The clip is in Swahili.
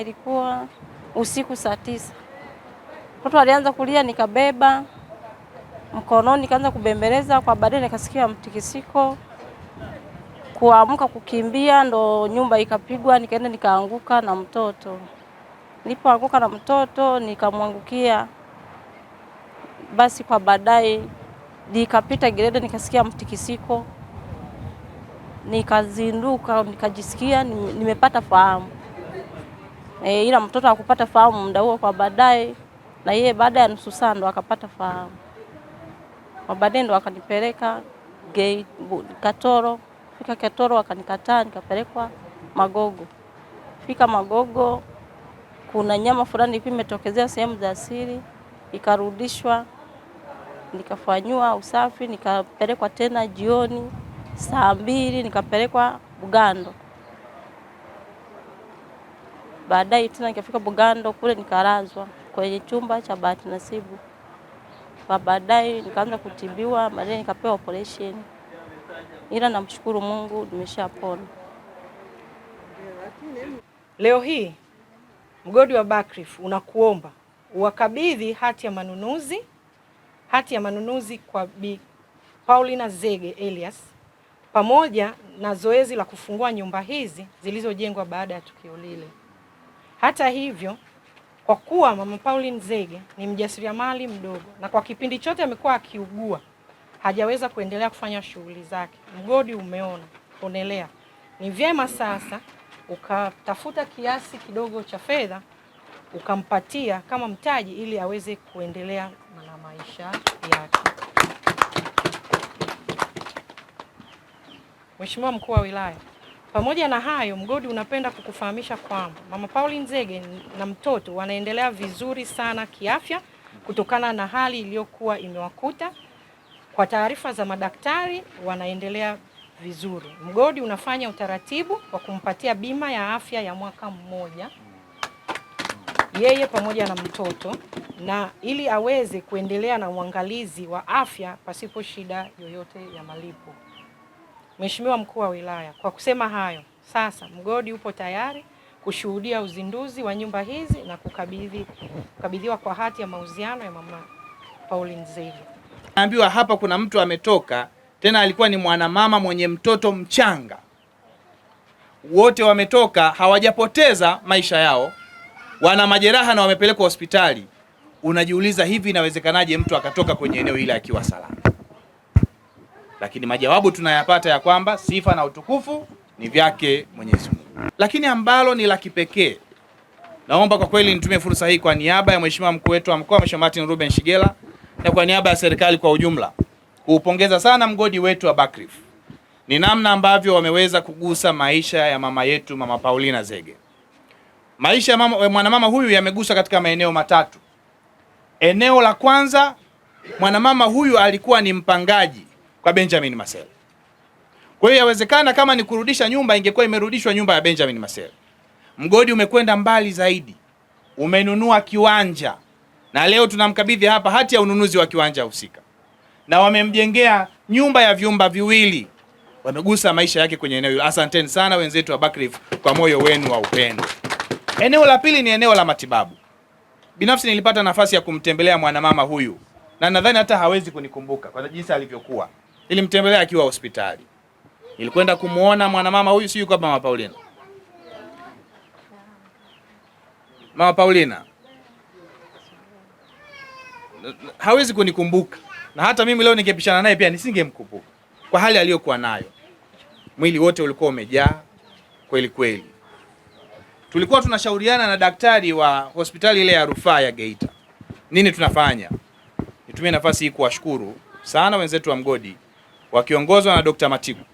Ilikuwa usiku saa tisa, mtoto alianza kulia, nikabeba mkononi, nikaanza kubembeleza kwa, baadaye nikasikia mtikisiko, kuamka kukimbia, ndo nyumba ikapigwa, nikaenda nikaanguka na mtoto. Nilipoanguka na mtoto nikamwangukia, basi kwa baadaye nikapita gereda, nikasikia mtikisiko, nikazinduka, nikajisikia nimepata fahamu e, ila mtoto akupata fahamu muda huo. Kwa baadaye na yeye baada ya nusu saa ndo akapata fahamu, kwa baadaye ndo akanipeleka gei Katoro. Fika Katoro akanikataa nikapelekwa Magogo. Fika Magogo kuna nyama fulani ipi imetokezea sehemu za asili, ikarudishwa nikafanyiwa usafi, nikapelekwa tena jioni saa mbili nikapelekwa Bugando. Baadaye tena nikafika Bugando kule nikalazwa kwenye chumba cha bahati nasibu. Kwa baadaye nikaanza kutibiwa, baadaye nikapewa operation, ila namshukuru Mungu nimeshapona. Leo hii mgodi wa Buckreef unakuomba uwakabidhi hati ya manunuzi, hati ya manunuzi kwa Bi Paulina Zege Elias pamoja na zoezi la kufungua nyumba hizi zilizojengwa baada ya tukio lile. Hata hivyo, kwa kuwa Mama Pauline Zege ni mjasiriamali mdogo na kwa kipindi chote amekuwa akiugua, hajaweza kuendelea kufanya shughuli zake. Mgodi umeona, onelea, ni vyema sasa ukatafuta kiasi kidogo cha fedha ukampatia kama mtaji ili aweze kuendelea na maisha yake. Mheshimiwa Mkuu wa Wilaya pamoja na hayo, mgodi unapenda kukufahamisha kwamba Mama Pauline Nzege na mtoto wanaendelea vizuri sana kiafya kutokana na hali iliyokuwa imewakuta. Kwa taarifa za madaktari, wanaendelea vizuri. Mgodi unafanya utaratibu wa kumpatia bima ya afya ya mwaka mmoja yeye pamoja na mtoto na ili aweze kuendelea na uangalizi wa afya pasipo shida yoyote ya malipo. Mheshimiwa Mkuu wa Wilaya, kwa kusema hayo, sasa mgodi upo tayari kushuhudia uzinduzi wa nyumba hizi na kukabidhi kukabidhiwa kwa hati ya mauziano ya Mama Pauline Nzega. Naambiwa hapa kuna mtu ametoka tena, alikuwa ni mwanamama mwenye mtoto mchanga, wote wametoka, hawajapoteza maisha yao, wana majeraha na wamepelekwa hospitali. Unajiuliza, hivi inawezekanaje mtu akatoka kwenye eneo hili akiwa salama? lakini majawabu tunayapata ya kwamba sifa na utukufu ni vyake Mwenyezi Mungu. Lakini ambalo ni la kipekee, naomba kwa kweli nitumie fursa hii kwa niaba ya mheshimiwa mkuu wetu wa mkoa Mheshimiwa Martin Ruben Shigela na kwa niaba ya serikali kwa ujumla kuupongeza sana mgodi wetu wa Buckreef. Ni namna ambavyo wameweza kugusa maisha ya mama yetu Mama Paulina Zege. Maisha ya mama, mwanamama huyu yamegusa katika maeneo matatu. Eneo la kwanza, mwanamama huyu alikuwa ni mpangaji kwa Benjamin Marcel. Kwa hiyo yawezekana kama ni kurudisha nyumba, ingekuwa imerudishwa nyumba ya Benjamin Marcel. Mgodi umekwenda mbali zaidi, umenunua kiwanja na leo tunamkabidhi hapa hati ya ununuzi wa kiwanja husika, na wamemjengea nyumba ya vyumba viwili. Wamegusa maisha yake kwenye eneo hilo. Asanteni sana wenzetu wa Buckreef kwa moyo wenu wa upendo. Eneo la pili ni eneo la matibabu. Binafsi nilipata nafasi ya kumtembelea mwanamama huyu na nadhani hata hawezi kunikumbuka kwa jinsi alivyokuwa nilimtembelea akiwa hospitali, nilikwenda kumwona mwanamama huyu, si yuko mama Paulina? Mama Paulina hawezi kunikumbuka, na hata mimi leo ningepishana naye pia nisingemkumbuka kwa hali aliyokuwa nayo. Mwili wote ulikuwa umejaa kweli kweli. Tulikuwa tunashauriana na daktari wa hospitali ile ya rufaa ya Geita, nini tunafanya. Nitumie nafasi hii kuwashukuru sana wenzetu wa mgodi wakiongozwa na Dr. Matigu.